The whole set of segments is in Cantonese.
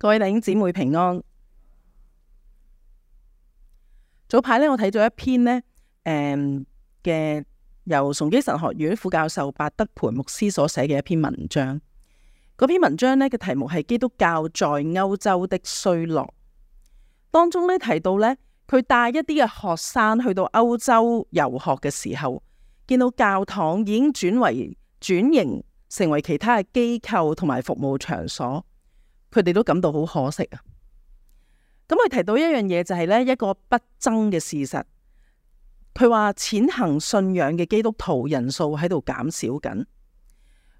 各位弟兄姊妹平安。早排咧，我睇咗一篇呢誒嘅由崇基神學院副教授白德培牧師所寫嘅一篇文章。嗰篇文章呢嘅題目係基督教在歐洲的衰落。當中呢提到呢，佢帶一啲嘅學生去到歐洲遊學嘅時候，見到教堂已經轉為轉型成為其他嘅機構同埋服務場所。佢哋都感到好可惜啊！咁佢提到一樣嘢就係、是、咧一個不爭嘅事實，佢話踐行信仰嘅基督徒人數喺度減少緊。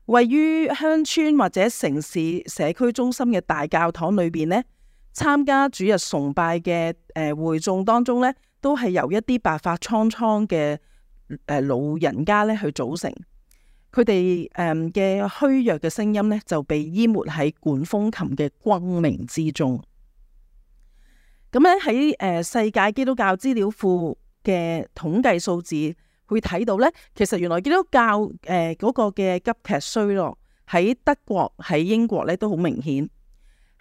位於鄉村或者城市社區中心嘅大教堂裏邊，呢參加主日崇拜嘅誒、呃、會眾當中呢，都係由一啲白髮蒼蒼嘅誒老人家咧去組成。佢哋誒嘅虛弱嘅聲音咧，就被淹沒喺管風琴嘅轟鳴之中。咁咧喺誒世界基督教資料庫嘅統計數字，會睇到咧，其實原來基督教誒嗰個嘅急劇衰落喺德國、喺英國咧都好明顯。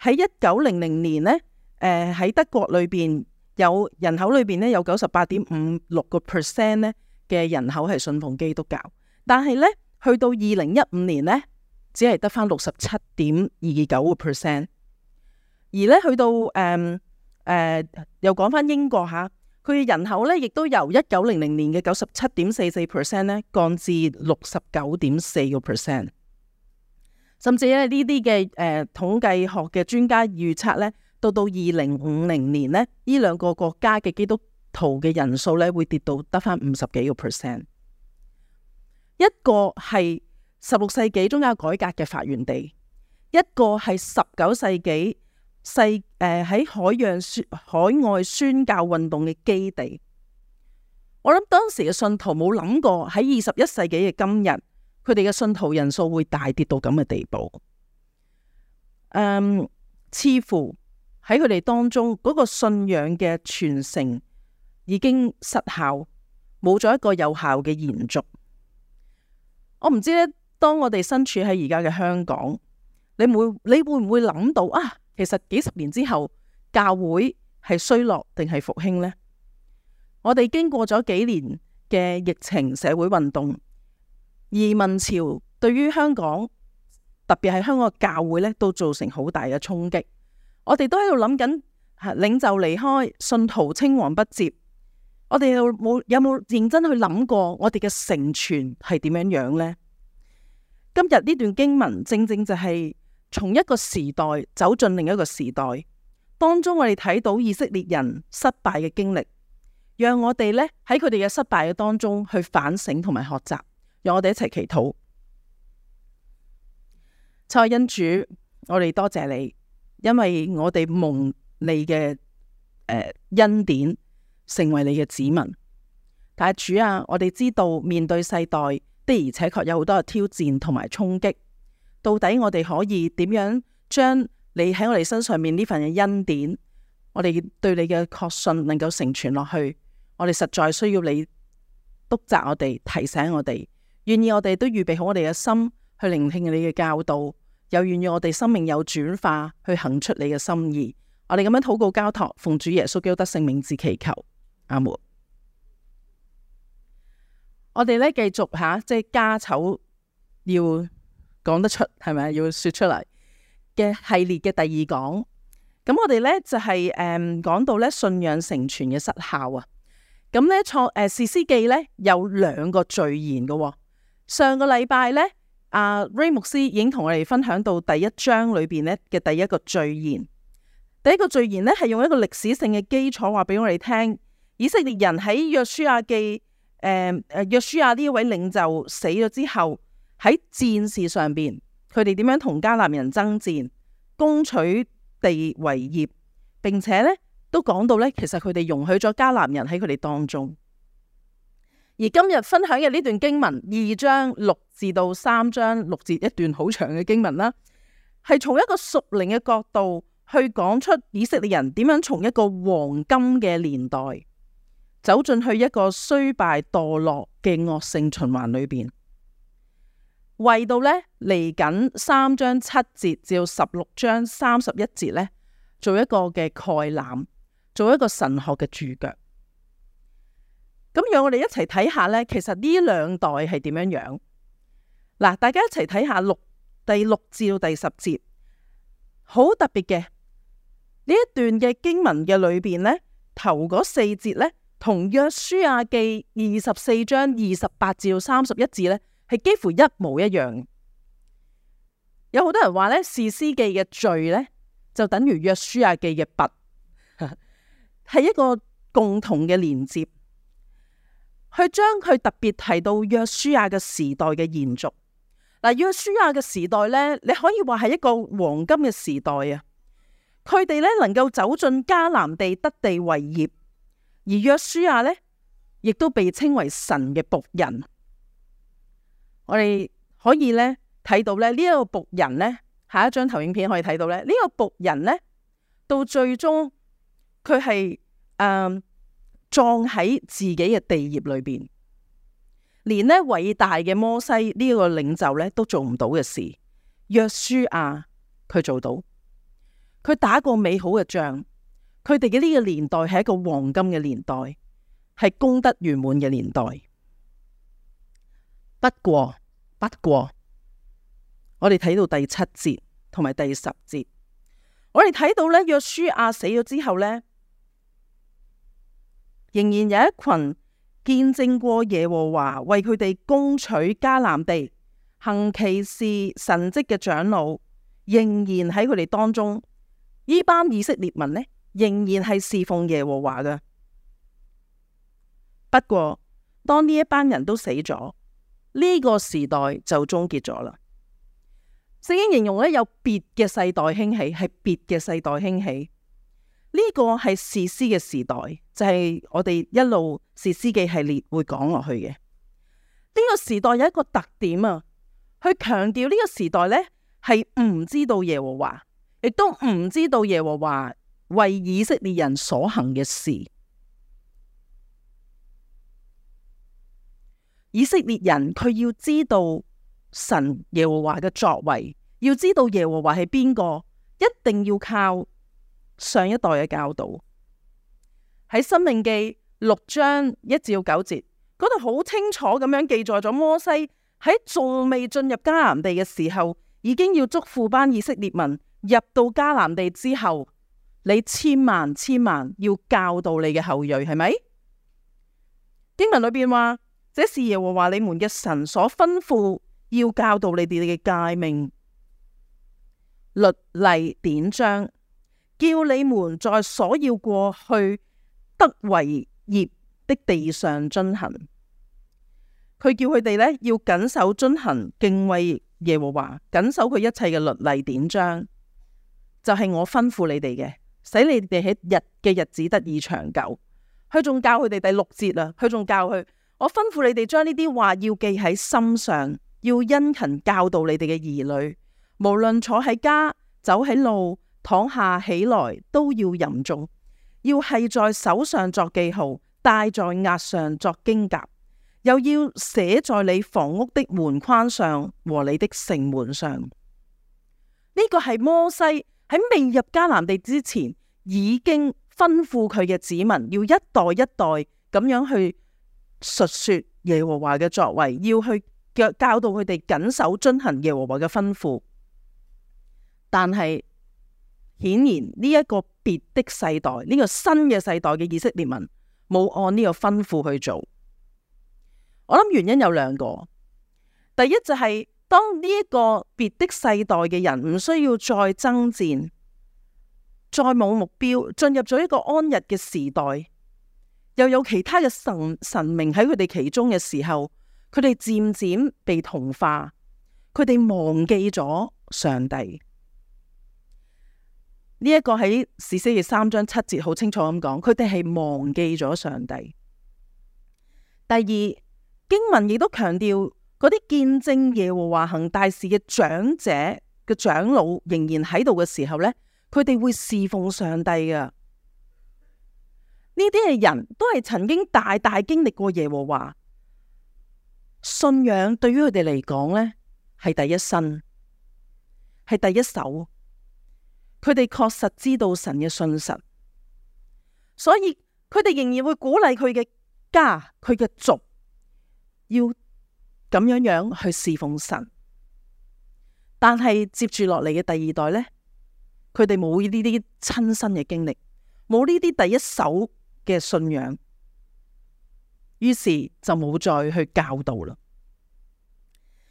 喺一九零零年咧，誒喺德國裏邊有人口裏邊咧有九十八點五六個 percent 咧嘅人口係信奉基督教，但係呢，去到二零一五年呢，只係得翻六十七點二九個 percent，而咧去到誒誒、嗯呃，又講翻英國吓，佢嘅人口咧，亦都由一九零零年嘅九十七點四四 percent 咧，降至六十九點四個 percent，甚至咧呢啲嘅誒統計學嘅專家預測咧，到到二零五零年呢，呢兩個國家嘅基督徒嘅人數咧，會跌到得翻五十幾個 percent。一個係十六世紀宗教改革嘅發源地，一個係十九世紀世誒喺、呃、海洋海外宣教運動嘅基地。我諗當時嘅信徒冇諗過喺二十一世紀嘅今日，佢哋嘅信徒人數會大跌到咁嘅地步。誒、嗯，似乎喺佢哋當中嗰、那個信仰嘅傳承已經失效，冇咗一個有效嘅延續。我唔知咧，當我哋身處喺而家嘅香港，你會你會唔會諗到啊？其實幾十年之後，教會係衰落定係復興呢？我哋經過咗幾年嘅疫情、社會運動、移民潮，對於香港，特別係香港嘅教會呢，都造成好大嘅衝擊。我哋都喺度諗緊，領袖離開，信徒青黃不接。我哋有冇有冇認真去諗過我哋嘅承傳係點樣樣呢？今日呢段經文正正就係從一個時代走進另一個時代當中，我哋睇到以色列人失敗嘅經歷，讓我哋呢喺佢哋嘅失敗嘅當中去反省同埋學習。讓我哋一齊祈禱，蔡恩主，我哋多謝你，因為我哋蒙你嘅、呃、恩典。成為你嘅子民，但係主啊，我哋知道面對世代，的而且確有好多嘅挑戰同埋衝擊。到底我哋可以點樣將你喺我哋身上面呢份嘅恩典，我哋對你嘅確信能夠成全落去？我哋實在需要你督責我哋，提醒我哋，願意我哋都預備好我哋嘅心去聆聽你嘅教導，又願意我哋生命有轉化，去行出你嘅心意。我哋咁樣禱告交托，奉主耶穌基督得勝名字祈求。阿我哋咧繼續吓，即係家醜要講得出，係咪要說出嚟嘅系列嘅第二講。咁我哋咧就係誒講到咧信仰成全嘅失效啊。咁咧創誒士師記咧有兩個序言嘅、哦。上個禮拜咧，阿、啊、Ray 牧師、ok si、已經同我哋分享到第一章裏邊咧嘅第一個序言。第一個序言咧係用一個歷史性嘅基礎話俾我哋聽。以色列人喺約書亞記誒誒約書亞呢位領袖死咗之後，喺戰事上邊，佢哋點樣同迦南人爭戰，攻取地為業，並且呢都講到呢，其實佢哋容許咗迦南人喺佢哋當中。而今日分享嘅呢段經文二章六至到三章六節一段好長嘅經文啦，係從一個屬靈嘅角度去講出以色列人點樣從一個黃金嘅年代。走進去一個衰敗墮落嘅惡性循環裏邊，為到呢嚟緊三章七節至到十六章三十一節呢，做一個嘅概覽，做一個神學嘅註腳。咁讓我哋一齊睇下呢，其實呢兩代係點樣樣嗱？大家一齊睇下六第六至到第十節，好特別嘅呢一段嘅經文嘅裏邊呢，頭嗰四節呢。同約書亞記二十四章二十八至三十一字咧，係幾乎一模一樣。有好多人話呢，士師記嘅序呢，就等於約書亞記嘅跋，係 一個共同嘅連接，去將佢特別提到約書亞嘅時代嘅延續。嗱，約書亞嘅時代呢，你可以話係一個黃金嘅時代啊！佢哋呢，能夠走進迦南地，得地為業。而約書亞咧，亦都被稱為神嘅僕人。我哋可以咧睇到咧呢一個僕人咧，下一張投影片可以睇到咧呢個僕人咧，到最終佢係誒葬喺自己嘅地業裏邊，連呢偉大嘅摩西呢個領袖咧都做唔到嘅事，約書亞佢做到，佢打過美好嘅仗。佢哋嘅呢個年代係一個黃金嘅年代，係功德圓滿嘅年代。不過，不過，我哋睇到第七節同埋第十節，我哋睇到呢約書亞死咗之後呢，仍然有一群見證過耶和華為佢哋攻取迦南地，行奇事神蹟嘅長老，仍然喺佢哋當中。呢班以色列民呢。仍然係侍奉耶和華嘅。不過當呢一班人都死咗，呢個時代就終結咗啦。聖經形容咧，有別嘅世代興起，係別嘅世代興起。呢個係士師嘅時代，就係我哋一路士師嘅系列會講落去嘅。呢個時代有一個特點啊，佢強調呢個時代呢，係唔知道耶和華，亦都唔知道耶和華為以色列人所行嘅事，以色列人佢要知道神耶和華嘅作為，要知道耶和華係邊個，一定要靠上一代嘅教導。喺《申命記》六章一至九節嗰度，好清楚咁樣記載咗摩西喺仲未進入迦南地嘅時候，已經要囑咐班以色列民入到迦南地之後。你千萬千萬要教導你嘅後裔，係咪？經文裏邊話：這是耶和華你們嘅神所吩咐要教導你哋嘅誡命、律例、典章，叫你們在所要過去得為業的地上遵行。佢叫佢哋呢要謹守遵行，敬畏耶和華，謹守佢一切嘅律例典章，就係、是、我吩咐你哋嘅。使你哋喺日嘅日子得以長久。佢仲教佢哋第六節啦。佢仲教佢：我吩咐你哋將呢啲話要記喺心上，要殷勤教導你哋嘅兒女。無論坐喺家、走喺路、躺下起來，都要吟誦。要係在手上作記號，戴在額上作經匣，又要寫在你房屋的門框上和你的城門上。呢個係摩西。喺未入迦南地之前，已經吩咐佢嘅子民要一代一代咁樣去述說耶和華嘅作為，要去教教導佢哋謹守遵行耶和華嘅吩咐。但係顯然呢一個別的世代，呢、這個新嘅世代嘅以色列民冇按呢個吩咐去做。我諗原因有兩個，第一就係、是。當呢一個別的世代嘅人唔需要再爭戰，再冇目標，進入咗一個安逸嘅時代，又有其他嘅神神明喺佢哋其中嘅時候，佢哋漸漸被同化，佢哋忘記咗上帝。呢、這、一個喺士師記三章七節好清楚咁講，佢哋係忘記咗上帝。第二經文亦都強調。嗰啲見證耶和華行大事嘅長者嘅長老仍然喺度嘅時候呢，佢哋會侍奉上帝嘅。呢啲嘅人都係曾經大大經歷過耶和華信仰對於，對於佢哋嚟講呢係第一身，係第一手。佢哋確實知道神嘅信實，所以佢哋仍然會鼓勵佢嘅家、佢嘅族要咁樣樣去侍奉神，但係接住落嚟嘅第二代呢，佢哋冇呢啲親身嘅經歷，冇呢啲第一手嘅信仰，於是就冇再去教導啦。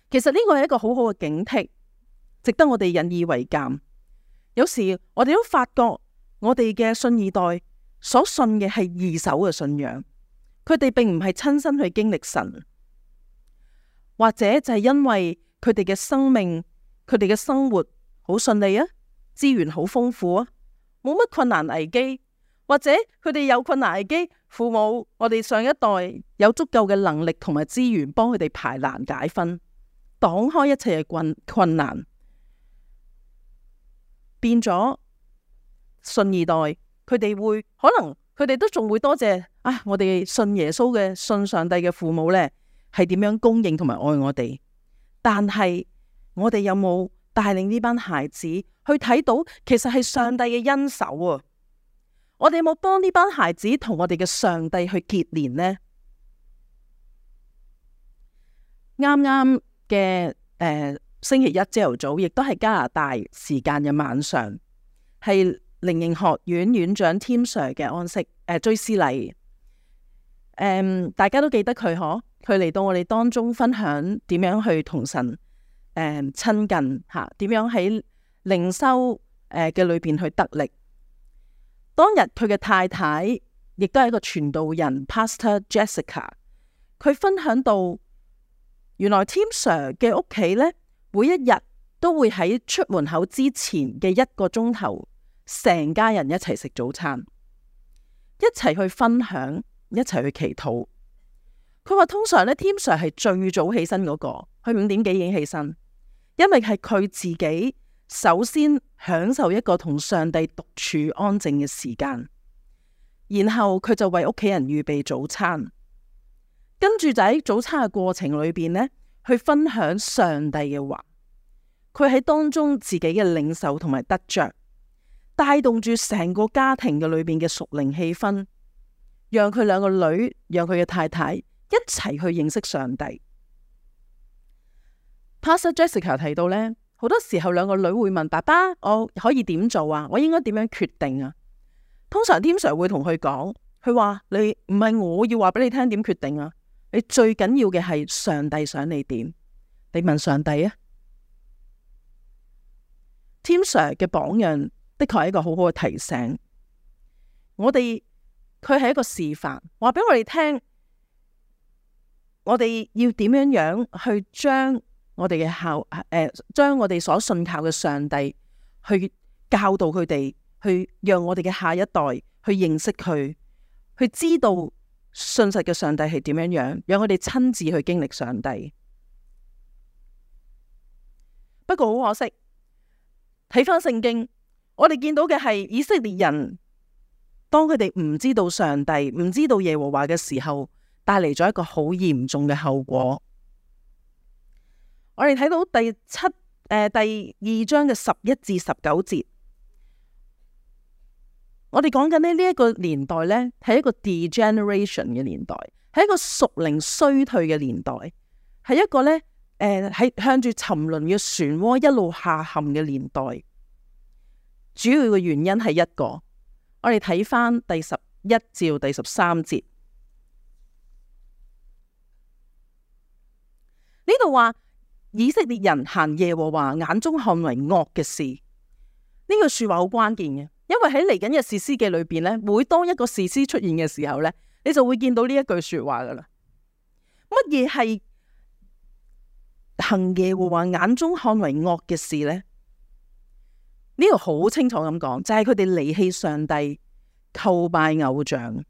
其實呢個係一個好好嘅警惕，值得我哋引以為鑒。有時我哋都發覺我哋嘅信二代所信嘅係二手嘅信仰，佢哋並唔係親身去經歷神。或者就係因為佢哋嘅生命、佢哋嘅生活好順利啊，資源好豐富啊，冇乜困難危機。或者佢哋有困難危機，父母我哋上一代有足夠嘅能力同埋資源幫佢哋排難解紛，擋開一切嘅困困難，變咗信二代，佢哋會可能佢哋都仲會多謝啊、哎！我哋信耶穌嘅、信上帝嘅父母呢。係點樣供應同埋愛我哋？但係我哋有冇帶領呢班孩子去睇到，其實係上帝嘅恩手啊！我哋有冇幫呢班孩子同我哋嘅上帝去結連呢？啱啱嘅誒星期一朝頭早，亦都係加拿大時間嘅晚上，係靈應學院院長 Tim Sir 嘅安息誒、呃、追思禮。誒、呃，大家都記得佢嗬。佢嚟到我哋當中分享點樣去同神誒嗯、親近吓，點樣喺靈修誒嘅裏邊去得力。當日佢嘅太太亦都係一個傳道人，Pastor Jessica，佢分享到原來 Tim Sir 嘅屋企呢，每一日都會喺出門口之前嘅一個鐘頭，成家人一齊食早餐，一齊去分享，一齊去祈禱。佢話通常咧 Tim Sir 係最早起身嗰個，佢五點幾已經起身，因為係佢自己首先享受一個同上帝獨處安靜嘅時間，然後佢就為屋企人預備早餐，跟住仔早餐嘅過程裏邊呢，去分享上帝嘅話，佢喺當中自己嘅領受同埋得着，帶動住成個家庭嘅裏邊嘅屬靈氣氛，讓佢兩個女，讓佢嘅太太。一齊去認識上帝。Pastor Jessica 提到呢，好多時候兩個女會問爸爸：我可以點做啊？我應該點樣決定啊？通常 Tim Sir 會同佢講，佢話你唔係我要話俾你聽點決定啊，你最緊要嘅係上帝想你點，你問上帝啊。Tim Sir 嘅榜樣的確係一個好好嘅提醒，我哋佢係一個示範，話俾我哋聽。我哋要點樣樣去將我哋嘅靠誒，將我哋所信靠嘅上帝去教導佢哋，去讓我哋嘅下一代去認識佢，去知道信實嘅上帝係點樣樣，讓佢哋親自去經歷上帝。不過好可惜，睇翻聖經，我哋見到嘅係以色列人，當佢哋唔知道上帝，唔知道耶和華嘅時候，帶嚟咗一個好嚴重嘅後果。我哋睇到第七誒、呃、第二章嘅十一至十九節，我哋講緊咧呢一個年代呢係一個 degeneration 嘅年代，係一個屬靈衰退嘅年代，係一個呢，誒、呃、喺向住沉淪嘅漩渦一路下陷嘅年代。主要嘅原因係一個，我哋睇翻第十一至第十三節。呢度話以色列人行耶和華眼中看為惡嘅事，呢句說話好關鍵嘅，因為喺嚟緊嘅士師記嘅裏邊呢，每當一個士師出現嘅時候呢，你就會見到呢一句說話噶啦。乜嘢係行耶和華眼中看為惡嘅事呢？呢度好清楚咁講，就係佢哋離棄上帝，叩拜偶像。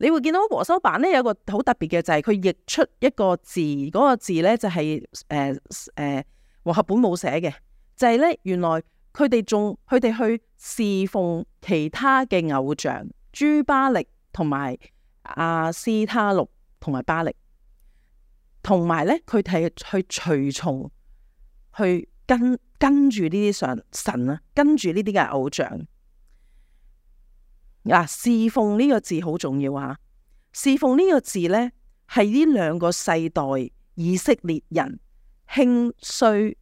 你會見到和修版咧，有一個好特別嘅，就係、是、佢譯出一個字，嗰、這個字咧就係誒誒和合本冇寫嘅，就係、是、咧原來佢哋仲佢哋去侍奉其他嘅偶像諸巴力同埋亞斯她錄同埋巴力，同埋咧佢哋去隨從去跟跟住呢啲神神啊，跟住呢啲嘅偶像。嗱，侍奉呢個字好重要吓啊。侍奉呢個字呢，係呢兩個世代以色列人興衰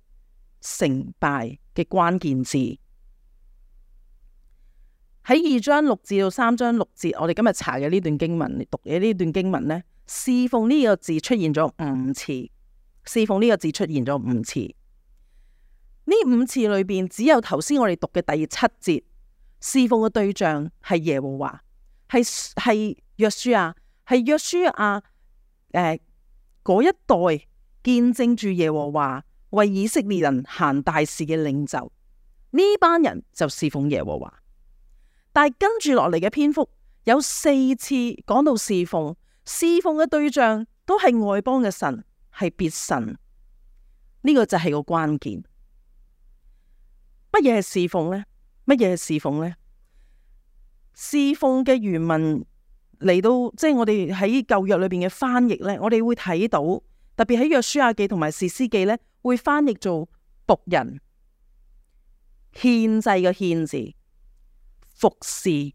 成敗嘅關鍵字。喺二章六至到三章六節，我哋今日查嘅呢段經文，讀嘅呢段經文呢，侍奉呢個字出現咗五次。侍奉呢個字出現咗五次。呢五次裏邊，只有頭先我哋讀嘅第七節。侍奉嘅對象係耶和華，係係約書亞，係約書亞誒嗰一代見證住耶和華為以色列人行大事嘅領袖，呢班人就侍奉耶和華。但係跟住落嚟嘅篇幅有四次講到侍奉，侍奉嘅對象都係外邦嘅神，係別神。呢個就係個關鍵。乜嘢係侍奉呢？乜嘢係侍奉呢？侍奉嘅原文嚟到，即係我哋喺舊約裏邊嘅翻譯呢，我哋會睇到，特別喺約書亞記同埋士師記呢，會翻譯做僕人、獻祭嘅獻字、服侍、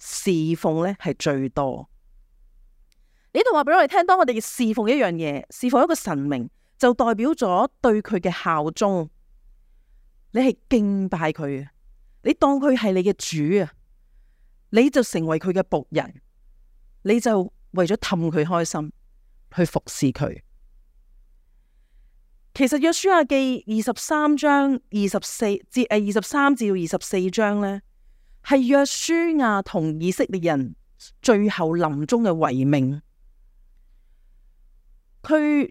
侍奉呢係最多。呢度話俾我哋聽，當我哋侍奉一樣嘢，侍奉一個神明，就代表咗對佢嘅效忠，你係敬拜佢嘅。你當佢係你嘅主啊，你就成為佢嘅僕人，你就為咗氹佢開心去服侍佢。其實約書亞記二十三章二十四節誒，二十三至二十四章呢，係約書亞同以色列人最後臨終嘅遺命。佢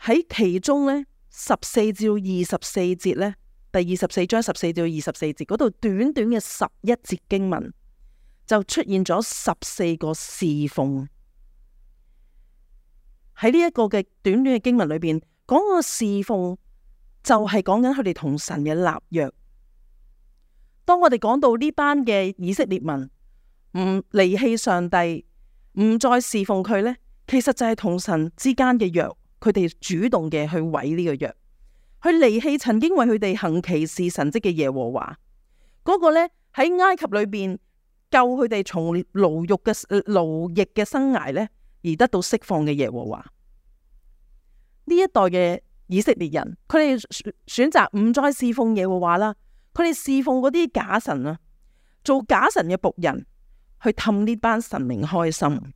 喺其中呢十四至二十四節呢。第二十四章十四至二十四節嗰度，短短嘅十一節經文就出現咗十四個侍奉。喺呢一個嘅短短嘅經文裏邊，講個侍奉就係講緊佢哋同神嘅立約。當我哋講到呢班嘅以色列民唔離棄上帝，唔再侍奉佢呢，其實就係同神之間嘅約，佢哋主動嘅去毀呢個約。佢離棄曾經為佢哋行奇事神蹟嘅耶和華，嗰個呢，喺埃及裏邊救佢哋從牢獄嘅奴役嘅生涯呢，而得到釋放嘅耶和華。呢一代嘅以色列人，佢哋選擇唔再侍奉耶和華啦，佢哋侍奉嗰啲假神啦，做假神嘅僕人去氹呢班神明開心。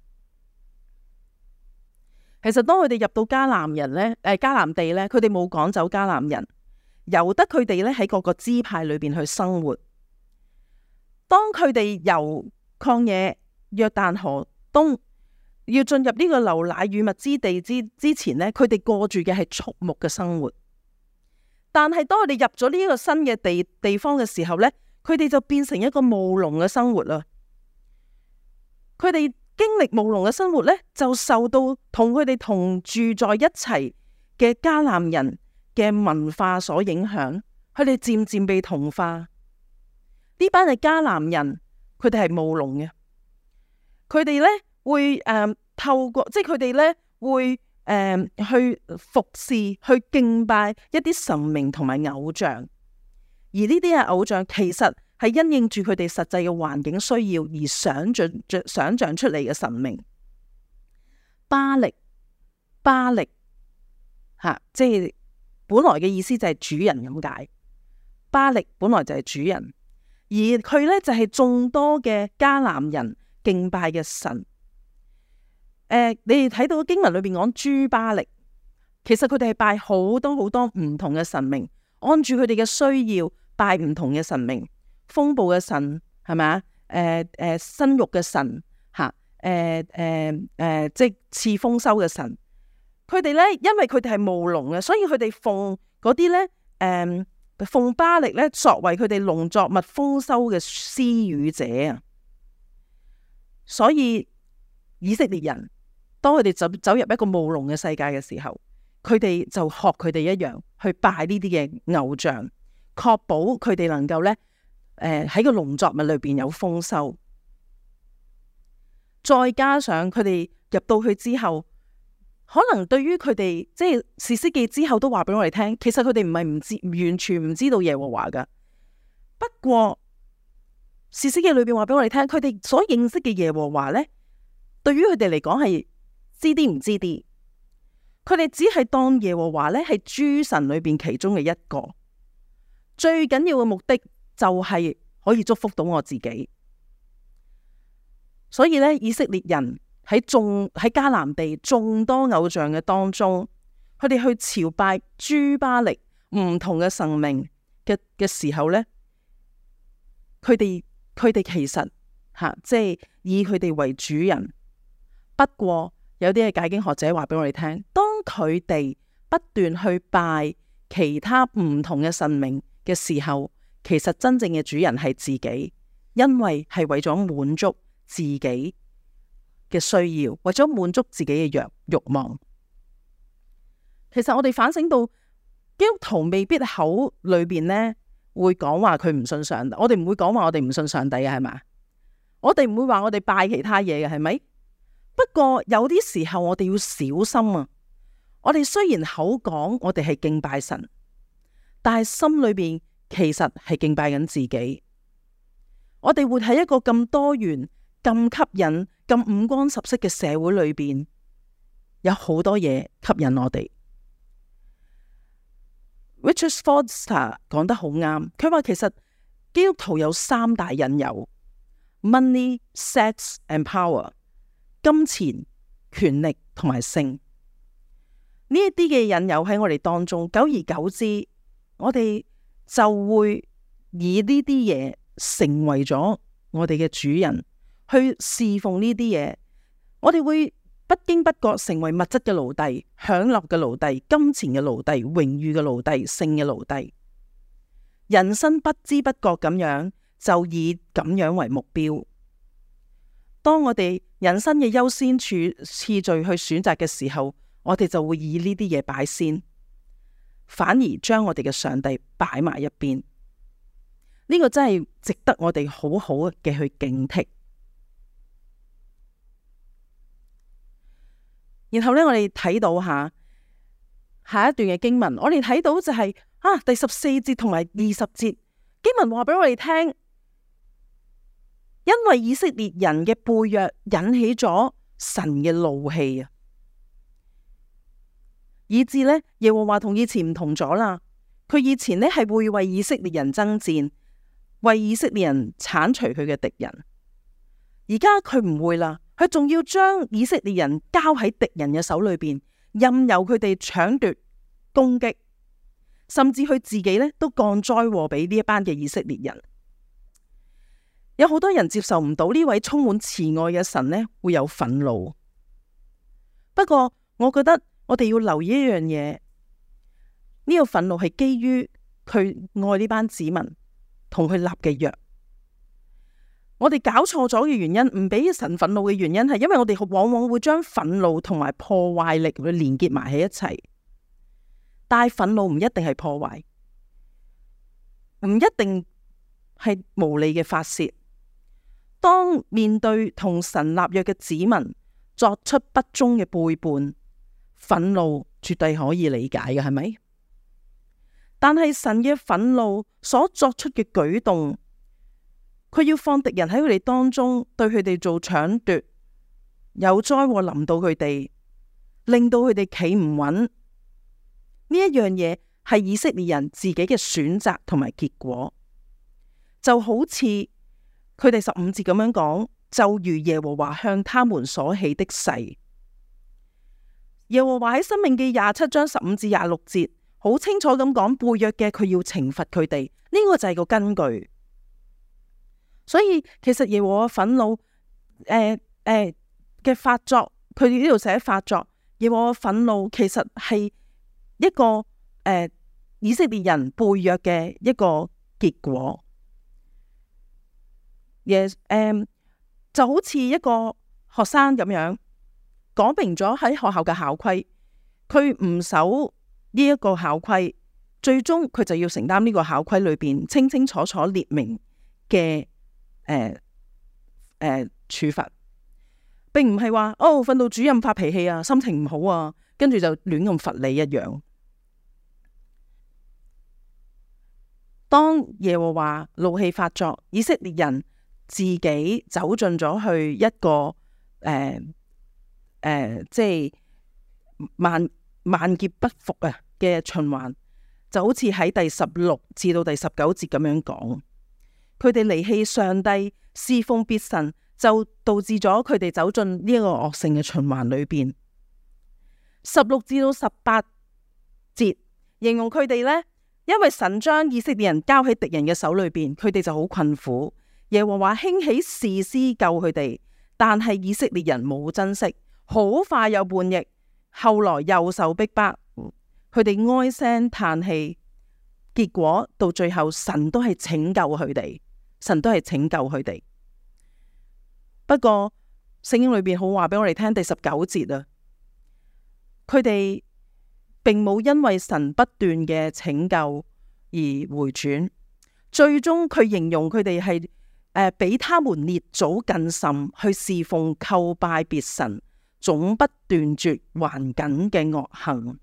其實當佢哋入到迦南人咧，誒迦南地咧，佢哋冇趕走迦南人，由得佢哋咧喺各個支派裏邊去生活。當佢哋由曠野約旦河東要進入呢個流奶與蜜之地之之前咧，佢哋過住嘅係畜牧嘅生活。但係當佢哋入咗呢個新嘅地地方嘅時候咧，佢哋就變成一個務農嘅生活啦。佢哋。經歷務農嘅生活咧，就受到同佢哋同住在一齊嘅迦南人嘅文化所影響，佢哋漸漸被同化。呢班係迦南人，佢哋係務農嘅，佢哋咧會誒、呃、透過，即係佢哋咧會誒、呃、去服侍、去敬拜一啲神明同埋偶像，而呢啲係偶像，其實，係因應住佢哋實際嘅環境需要而想象，想象出嚟嘅神明。巴力，巴力吓，啊，即係本來嘅意思就係主人咁解。巴力本來就係主人，而佢呢就係、是、眾多嘅迦南人敬拜嘅神。誒、呃，你哋睇到經文裏邊講諸巴力，其實佢哋係拜好多好多唔同嘅神明，按住佢哋嘅需要拜唔同嘅神明。風暴嘅神係咪？誒誒，生育嘅神吓，誒誒誒，即係賜豐收嘅神。佢哋咧，因為佢哋係務農嘅，所以佢哋奉嗰啲咧，誒、呃、奉巴力咧，作為佢哋農作物豐收嘅施予者啊。所以以色列人，當佢哋走走入一個務農嘅世界嘅時候，佢哋就學佢哋一樣去拜呢啲嘅偶像，確保佢哋能夠咧。誒，喺、呃、個農作物裏邊有豐收，再加上佢哋入到去之後，可能對於佢哋，即係士師記之後都話俾我哋聽，其實佢哋唔係唔知，完全唔知道耶和華㗎。不過士師記裏邊話俾我哋聽，佢哋所認識嘅耶和華呢，對於佢哋嚟講係知啲唔知啲，佢哋只係當耶和華呢係諸神裏邊其中嘅一個。最緊要嘅目的。就係可以祝福到我自己，所以呢，以色列人喺種喺迦南地眾多偶像嘅當中，佢哋去朝拜諸巴力唔同嘅神明嘅嘅時候呢，佢哋佢哋其實吓、啊、即係以佢哋為主人。不過有啲嘅解經學者話俾我哋聽，當佢哋不斷去拜其他唔同嘅神明嘅時候。其實真正嘅主人係自己，因為係為咗滿足自己嘅需要，為咗滿足自己嘅慾慾望。其實我哋反省到，基督徒未必口裏邊呢會講話佢唔信上帝，我哋唔會講話我哋唔信上帝嘅係咪？我哋唔會話我哋拜其他嘢嘅係咪？不過有啲時候我哋要小心啊！我哋雖然口講我哋係敬拜神，但係心裏邊。其實係敬拜緊自己。我哋活喺一個咁多元、咁吸引、咁五光十色嘅社會裏邊，有好多嘢吸引我哋。Richard Foster 講得好啱，佢話其實基督徒有三大引誘：money、sex and power。金錢、權力同埋性。呢一啲嘅引誘喺我哋當中，久而久之，我哋。就會以呢啲嘢，成為咗我哋嘅主人，去侍奉呢啲嘢。我哋會不經不覺成為物質嘅奴隸、享樂嘅奴隸、金錢嘅奴隸、榮譽嘅奴隸、性嘅奴隸。人生不知不覺咁樣就以咁樣為目標。當我哋人生嘅優先處次序去選擇嘅時候，我哋就會以呢啲嘢擺先。反而將我哋嘅上帝擺埋一邊，呢個真係值得我哋好好嘅去警惕。然後呢，我哋睇到下下一段嘅經文，我哋睇到就係啊，第十四節同埋二十節經文話俾我哋聽，因為以色列人嘅背約引起咗神嘅怒氣啊！以至呢，耶和華同以前唔同咗啦。佢以前呢係會為以色列人爭戰，為以色列人鏟除佢嘅敵人。而家佢唔會啦，佢仲要將以色列人交喺敵人嘅手裏邊，任由佢哋搶奪、攻擊，甚至佢自己呢都降災禍俾呢一班嘅以色列人。有好多人接受唔到呢位充滿慈愛嘅神呢會有憤怒。不過我覺得。我哋要留意一樣嘢，呢個憤怒係基於佢愛呢班子民同佢立嘅約。我哋搞錯咗嘅原因，唔俾神憤怒嘅原因係，因為我哋往往會將憤怒同埋破壞力會連結埋喺一齊。但係憤怒唔一定係破壞，唔一定係無理嘅發洩。當面對同神立約嘅子民作出不忠嘅背叛。憤怒絕對可以理解嘅，係咪？但係神嘅憤怒所作出嘅舉動，佢要放敵人喺佢哋當中，對佢哋做搶奪、有災禍臨到佢哋，令到佢哋企唔穩。呢一樣嘢係以色列人自己嘅選擇同埋結果，就好似佢哋十五節咁樣講，就如耶和華向他們所起的誓。耶和華喺《生命記》廿七章十五至廿六節，好清楚咁講背約嘅佢要懲罰佢哋，呢、這個就係個根據。所以其實耶和華嘅憤怒，誒誒嘅發作，佢哋呢度寫發作，耶和華憤怒其實係一個誒、欸、以色列人背約嘅一個結果。耶誒、欸、就好似一個學生咁樣。講明咗喺學校嘅校規，佢唔守呢一個校規，最終佢就要承擔呢個校規裏邊清清楚楚列明嘅誒誒處罰，並唔係話哦訓導主任發脾氣啊，心情唔好啊，跟住就亂咁罰你一樣。當耶和華怒氣發作，以色列人自己走進咗去一個誒。呃誒、呃，即係萬萬劫不復啊嘅循環，就好似喺第十六至到第十九節咁樣講，佢哋離棄上帝，侍奉別神，就導致咗佢哋走進呢一個惡性嘅循環裏邊。十六至到十八節形容佢哋呢，因為神將以色列人交喺敵人嘅手裏邊，佢哋就好困苦。耶和華興起士師救佢哋，但係以色列人冇珍惜。好快又叛逆，後來又受逼迫，佢哋哀聲嘆氣，結果到最後神都係拯救佢哋，神都係拯救佢哋。不過聖經裏邊好話俾我哋聽，第十九節啊，佢哋並冇因為神不斷嘅拯救而回轉，最終佢形容佢哋係誒比他們列祖更甚，去侍奉叩拜別神。總不斷絕、還緊嘅惡行，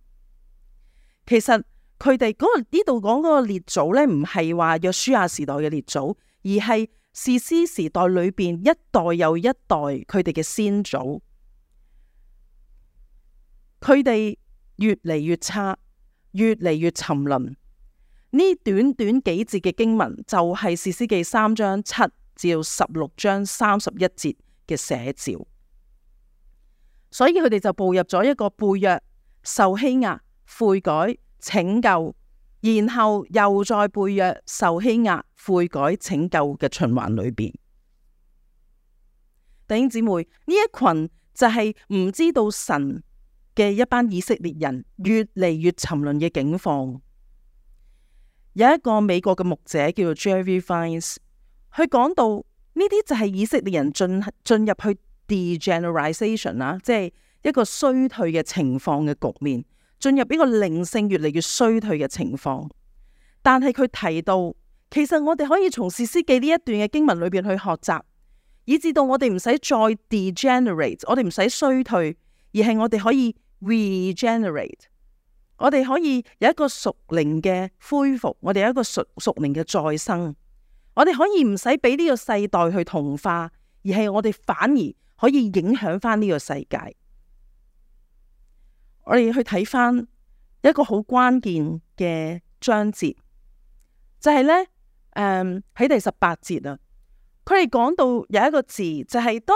其實佢哋、嗰個呢度講嗰個列祖呢，唔係話約書亞時代嘅列祖，而係士師時代裏邊一代又一代佢哋嘅先祖。佢哋越嚟越差，越嚟越沉淪。呢短短幾節嘅經文，就係士師記三章七至十六章三十一節嘅寫照。所以佢哋就步入咗一個背約、受欺壓、悔改、拯救，然後又再背約、受欺壓、悔改、拯救嘅循環裏邊。弟兄姊妹，呢一群就係唔知道神嘅一班以色列人，越嚟越沉淪嘅境況。有一個美國嘅牧者叫做 Jerry Vines，佢講到呢啲就係以色列人進進入去。degeneration 啦，啊，即係一個衰退嘅情況嘅局面，進入一個靈性越嚟越衰退嘅情況。但係佢提到，其實我哋可以從士師記呢一段嘅經文裏邊去學習，以至到我哋唔使再 degenerate，我哋唔使衰退，而係我哋可以 regenerate，我哋可以有一個屬靈嘅恢復，我哋有一個屬屬靈嘅再生，我哋可以唔使俾呢個世代去同化，而係我哋反而。可以影響翻呢個世界。我哋去睇翻一個好關鍵嘅章節，就係、是、咧，誒、嗯、喺第十八節啊。佢哋講到有一個字，就係、是、當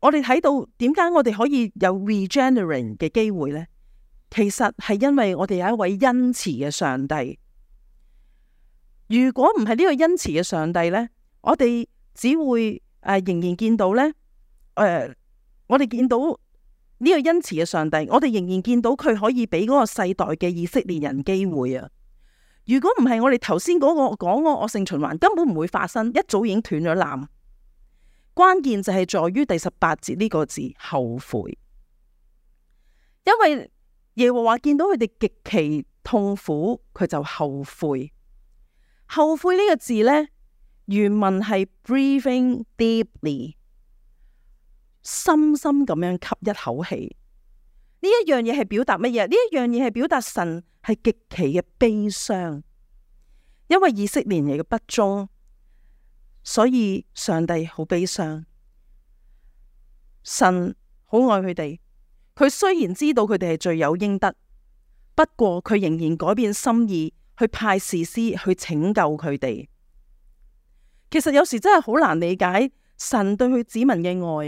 我哋睇到點解我哋可以有 regenerate 嘅機會咧？其實係因為我哋有一位恩慈嘅上帝。如果唔係呢個恩慈嘅上帝咧，我哋只會。誒、啊，仍然見到咧，誒、呃，我哋見到呢個恩慈嘅上帝，我哋仍然見到佢可以俾嗰個世代嘅以色列人機會啊！如果唔係我哋頭先嗰個講、那個惡、那個、惡性循環，根本唔會發生，一早已經斷咗纜。關鍵就係在於第十八節呢個字後悔，因為耶和華見到佢哋極其痛苦，佢就後悔。後悔呢個字咧。原文係 breathing deeply，深深咁樣吸一口氣。呢一樣嘢係表達乜嘢？呢一樣嘢係表達神係極其嘅悲傷，因為以色列人嘅不忠，所以上帝好悲傷。神好愛佢哋，佢雖然知道佢哋係罪有應得，不過佢仍然改變心意去派士師去拯救佢哋。其實有時真係好難理解神對佢子民嘅愛，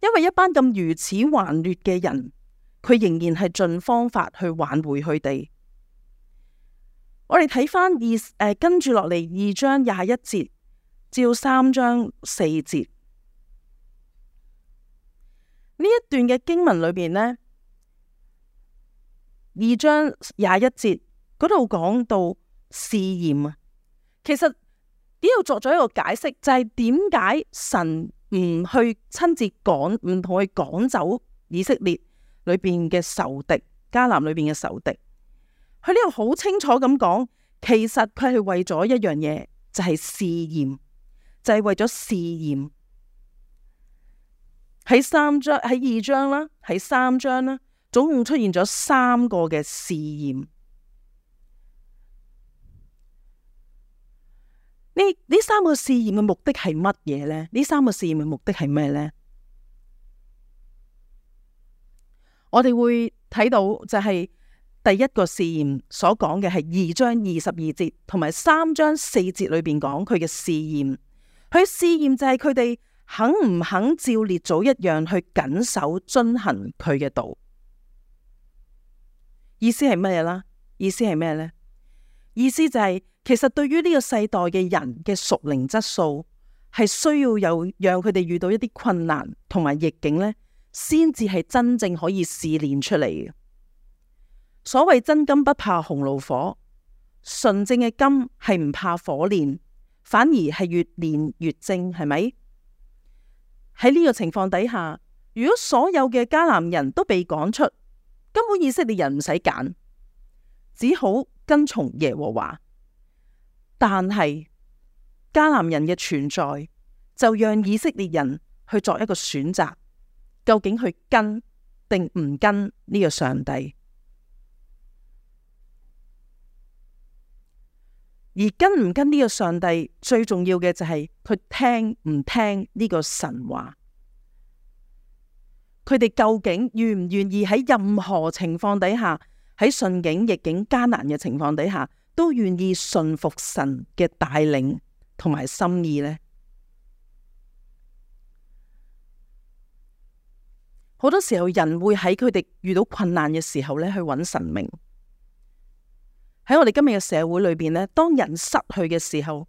因為一班咁如此頑劣嘅人，佢仍然係盡方法去挽回佢哋。我哋睇翻二誒、呃、跟住落嚟二章廿一節至到三章四節呢一段嘅經文裏邊呢，二章廿一節嗰度講到試驗啊，其實。呢度作咗一個解釋，就係點解神唔去親自趕，唔同佢趕走以色列裏邊嘅仇敵，迦南裏邊嘅仇敵。佢呢度好清楚咁講，其實佢係為咗一樣嘢，就係試驗，就係、是、為咗試驗。喺三章、喺二章啦，喺三章啦，總共出現咗三個嘅試驗。呢呢三個試驗嘅目的係乜嘢呢？呢三個試驗嘅目的係咩呢？我哋會睇到就係第一個試驗所講嘅係二章二十二節同埋三章四節裏邊講佢嘅試驗，佢嘅試驗就係佢哋肯唔肯照列祖一樣去謹守遵行佢嘅道。意思係乜嘢啦？意思係咩呢？意思就係、是，其實對於呢個世代嘅人嘅屬靈質素，係需要有讓佢哋遇到一啲困難同埋逆境呢先至係真正可以試煉出嚟嘅。所謂真金不怕紅爐火，純正嘅金係唔怕火煉，反而係越煉越精，係咪？喺呢個情況底下，如果所有嘅迦南人都被趕出，根本以色列人唔使揀。只好跟從耶和華，但係迦南人嘅存在就讓以色列人去作一個選擇，究竟去跟定唔跟呢個上帝？而跟唔跟呢個上帝最重要嘅就係佢聽唔聽呢個神話，佢哋究竟願唔願意喺任何情況底下？喺順境、逆境、艱難嘅情況底下，都願意順服神嘅帶領同埋心意呢。好多時候，人會喺佢哋遇到困難嘅時候呢，去揾神明。喺我哋今日嘅社會裏邊呢，當人失去嘅時候，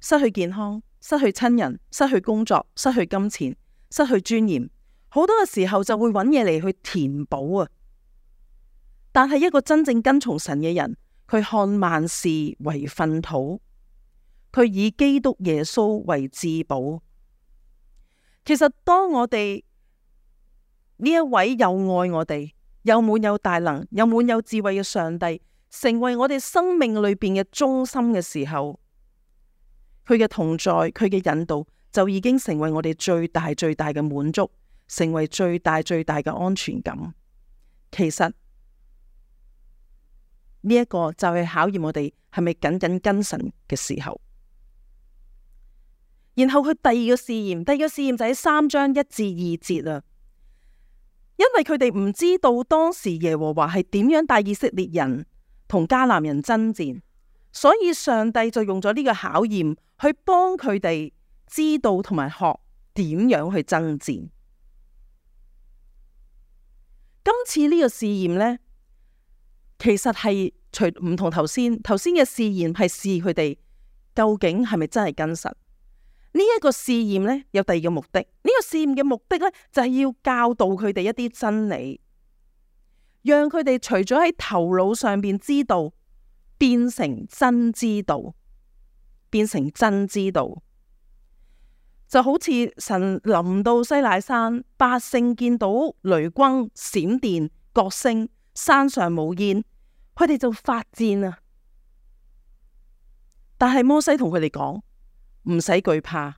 失去健康、失去親人、失去工作、失去金錢、失去尊嚴，好多嘅時候就會揾嘢嚟去填補啊。但係一個真正跟從神嘅人，佢看萬事為糞土，佢以基督耶穌為至寶。其實當我哋呢一位又愛我哋，又滿有大能，又滿有智慧嘅上帝，成為我哋生命裏邊嘅中心嘅時候，佢嘅同在，佢嘅引導，就已經成為我哋最大最大嘅滿足，成為最大最大嘅安全感。其實。呢一個就係考驗我哋係咪緊緊跟神嘅時候。然後佢第二個試驗，第二個試驗就喺三章一至二節啊。因為佢哋唔知道當時耶和華係點樣帶以色列人同迦南人爭戰，所以上帝就用咗呢個考驗去幫佢哋知道同埋學點樣去爭戰。今次呢個試驗呢。其實係除唔同頭先，頭先嘅試驗係試佢哋究竟係咪真係跟神？這個、呢一個試驗咧有第二個目的，呢、這個試驗嘅目的呢，就係、是、要教導佢哋一啲真理，讓佢哋除咗喺頭腦上邊知道，變成真知道，變成真知道，就好似神臨到西乃山，百姓見到雷光、閃電、角聲。山上冇煙，佢哋就發戰啊！但係摩西同佢哋講，唔使懼怕，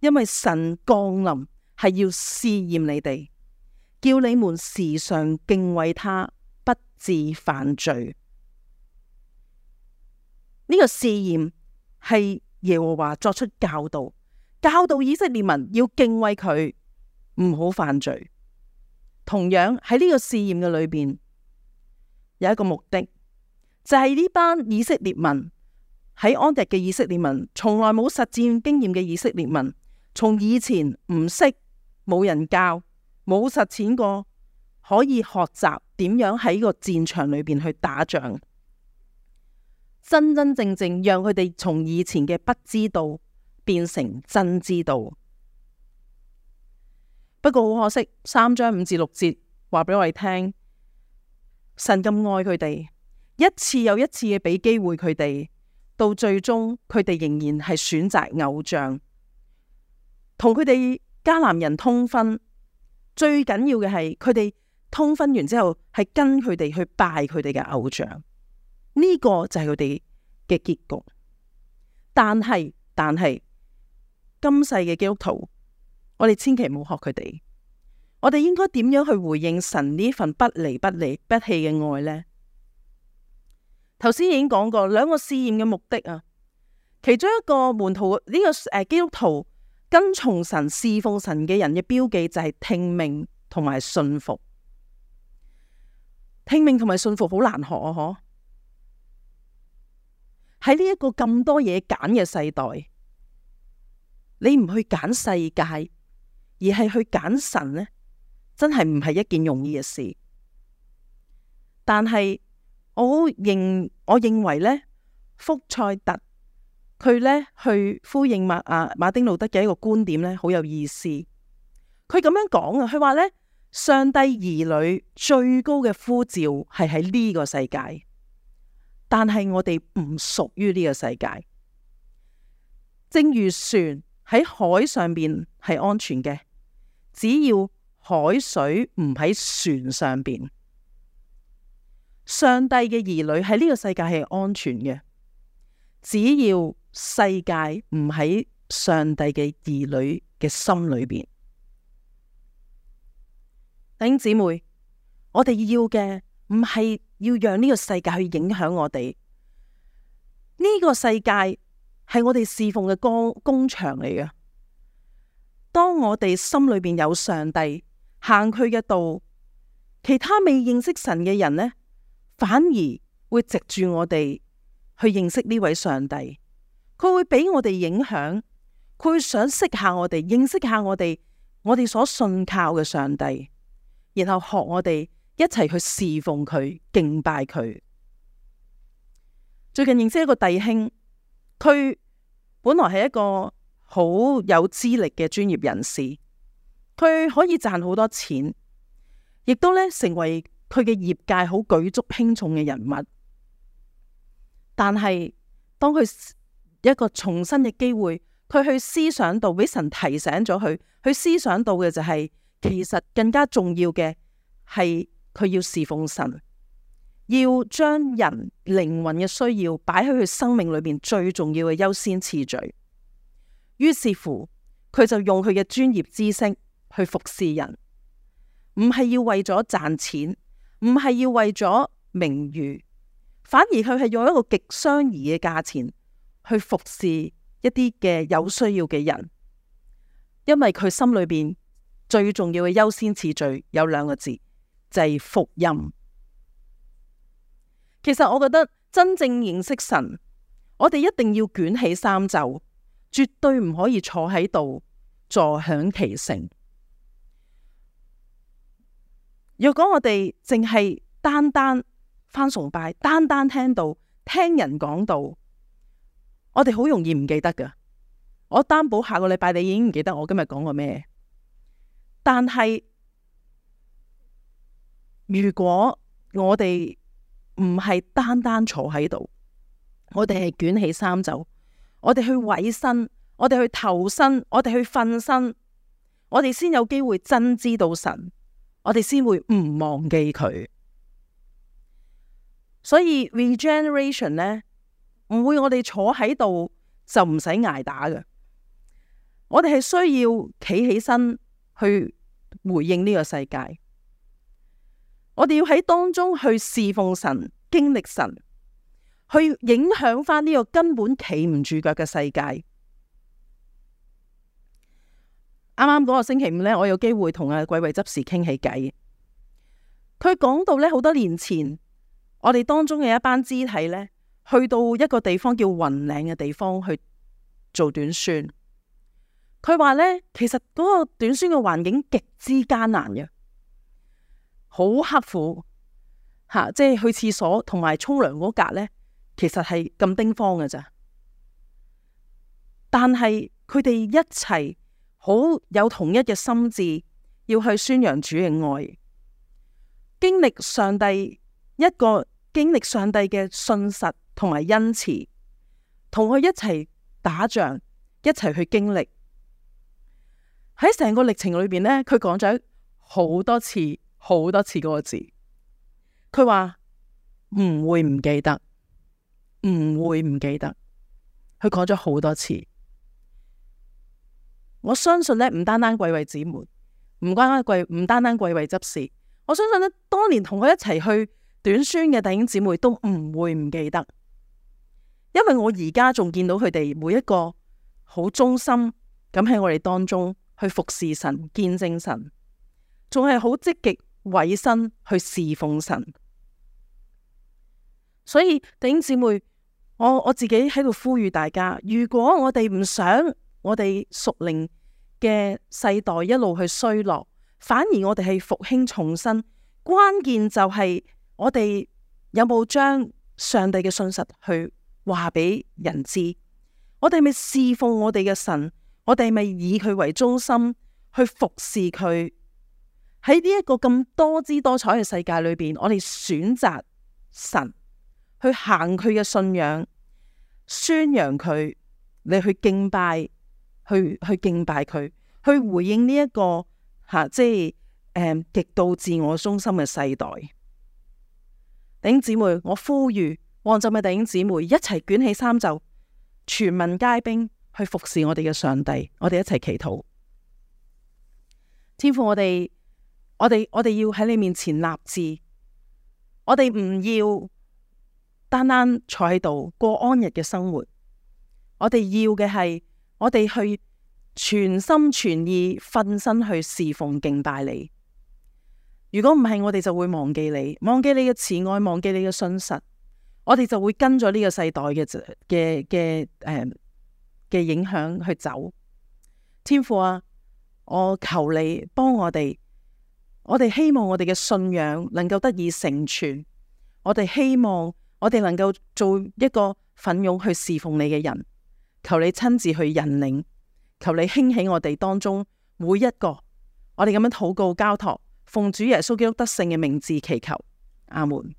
因為神降臨係要試驗你哋，叫你們時常敬畏他，不致犯罪。呢個試驗係耶和華作出教導，教導以色列民要敬畏佢，唔好犯罪。同樣喺呢個試驗嘅裏邊。有一個目的，就係呢班以色列民喺安迪嘅以色列民，從來冇實戰經驗嘅以色列民，從以前唔識、冇人教、冇實踐過，可以學習點樣喺個戰場裏邊去打仗，真真正正讓佢哋從以前嘅不知道變成真知道。不過好可惜，三章五至六節話俾我哋聽。神咁愛佢哋，一次又一次嘅俾機會佢哋，到最終佢哋仍然係選擇偶像，同佢哋迦南人通婚，最緊要嘅係佢哋通婚完之後係跟佢哋去拜佢哋嘅偶像，呢個就係佢哋嘅結局。但係但係今世嘅基督徒，我哋千祈唔好學佢哋。我哋應該點樣去回應神呢份不離不離不棄嘅愛呢？頭先已經講過兩個試驗嘅目的啊，其中一個門徒呢、呢個誒、呃、基督徒跟從神侍奉神嘅人嘅標記就係聽命同埋信服，聽命同埋信服好難學啊！嗬，喺呢一個咁多嘢揀嘅世代，你唔去揀世界，而係去揀神呢？真係唔係一件容易嘅事，但係我好認我認為咧，福塞特佢呢去呼應馬阿、啊、馬丁路德嘅一個觀點呢，好有意思。佢咁樣講啊，佢話呢：「上帝兒女最高嘅呼召係喺呢個世界，但係我哋唔屬於呢個世界。正如船喺海上面係安全嘅，只要，海水唔喺船上邊，上帝嘅兒女喺呢個世界係安全嘅。只要世界唔喺上帝嘅兒女嘅心裏邊，弟兄姊妹，我哋要嘅唔係要讓呢個世界去影響我哋。呢個世界係我哋侍奉嘅工工場嚟嘅。當我哋心裏邊有上帝，行佢嘅道，其他未認識神嘅人呢，反而會藉住我哋去認識呢位上帝。佢會俾我哋影響，佢會想識下我哋，認識下我哋，我哋所信靠嘅上帝，然後學我哋一齊去侍奉佢、敬拜佢。最近認識一個弟兄，佢本來係一個好有資歷嘅專業人士。佢可以賺好多錢，亦都咧成為佢嘅業界好舉足輕重嘅人物。但係當佢有一個重新嘅機會，佢去思想到，俾神提醒咗佢，佢思想到嘅就係、是，其實更加重要嘅係佢要侍奉神，要將人靈魂嘅需要擺喺佢生命裏面最重要嘅優先次序。於是乎，佢就用佢嘅專業知識。去服侍人，唔係要為咗賺錢，唔係要為咗名譽，反而佢係用一個極相宜嘅價錢去服侍一啲嘅有需要嘅人，因為佢心裏邊最重要嘅優先次序有兩個字，就係、是、福音。其實我覺得真正認識神，我哋一定要捲起衫袖，絕對唔可以坐喺度坐享其成。若果我哋淨係單單返崇拜，單單聽到聽人講道，我哋好容易唔記得㗎。我擔保下個禮拜你已經唔記得我今日講過咩。但係如果我哋唔係單單坐喺度，我哋係捲起衫走，我哋去委身，我哋去投身，我哋去瞓身，我哋先有機會真知道神。我哋先會唔忘記佢，所以 regeneration 呢，唔會我哋坐喺度就唔使捱打嘅，我哋係需要企起身去回應呢個世界，我哋要喺當中去侍奉神、經歷神，去影響翻呢個根本企唔住腳嘅世界。啱啱嗰個星期五呢，我有機會同阿桂桂執事傾起偈。佢講到呢，好多年前，我哋當中嘅一班肢體呢，去到一個地方叫雲嶺嘅地方去做短宣。佢話呢，其實嗰個短宣嘅環境極之艱難嘅，好刻苦吓，啊，即係去廁所同埋沖涼嗰格呢，其實係咁丁方嘅咋。但係佢哋一齊。好有同一嘅心志，要去宣揚主嘅愛，經歷上帝一個經歷上帝嘅信實同埋恩慈，同佢一齊打仗，一齊去經歷。喺成個歷程裏邊呢，佢講咗好多次好多次嗰個字，佢話唔會唔記得，唔會唔記得，佢講咗好多次。我相信咧，唔單單貴為姊妹，唔關貴，唔單單貴為執事。我相信呢，當年同佢一齊去短宣嘅弟兄姊妹都唔會唔記得，因為我而家仲見到佢哋每一個好忠心，咁喺我哋當中去服侍神、見證神，仲係好積極委身去侍奉神。所以弟兄姊妹，我我自己喺度呼籲大家，如果我哋唔想。我哋屬靈嘅世代一路去衰落，反而我哋係復興重生。關鍵就係我哋有冇將上帝嘅信實去話俾人知？我哋係咪侍奉我哋嘅神？我哋係咪以佢為中心去服侍佢？喺呢一個咁多姿多彩嘅世界裏邊，我哋選擇神去行佢嘅信仰，宣揚佢，你去敬拜。去去敬拜佢，去回應呢、這、一個吓、啊，即係啊、極度自我中心嘅世代。弟兄姊妹，我呼籲旺浸嘅弟兄姊妹一齊捲起衫袖，全民皆兵去服侍我哋嘅上帝。我哋一齊祈禱，天父我，我哋我哋我哋要喺你面前立志，我哋唔要單單坐喺度過安逸嘅生活，我哋要嘅係。我哋去全心全意瞓身去侍奉敬拜你。如果唔係，我哋就會忘記你，忘記你嘅慈愛，忘記你嘅信實。我哋就會跟咗呢個世代嘅嘅嘅誒嘅影響去走。天父啊，我求你幫我哋。我哋希望我哋嘅信仰能夠得以成全。我哋希望我哋能夠做一個奮勇去侍奉你嘅人。求你親自去引領，求你興起我哋當中每一個，我哋咁樣禱告交託，奉主耶穌基督得勝嘅名字祈求，阿門。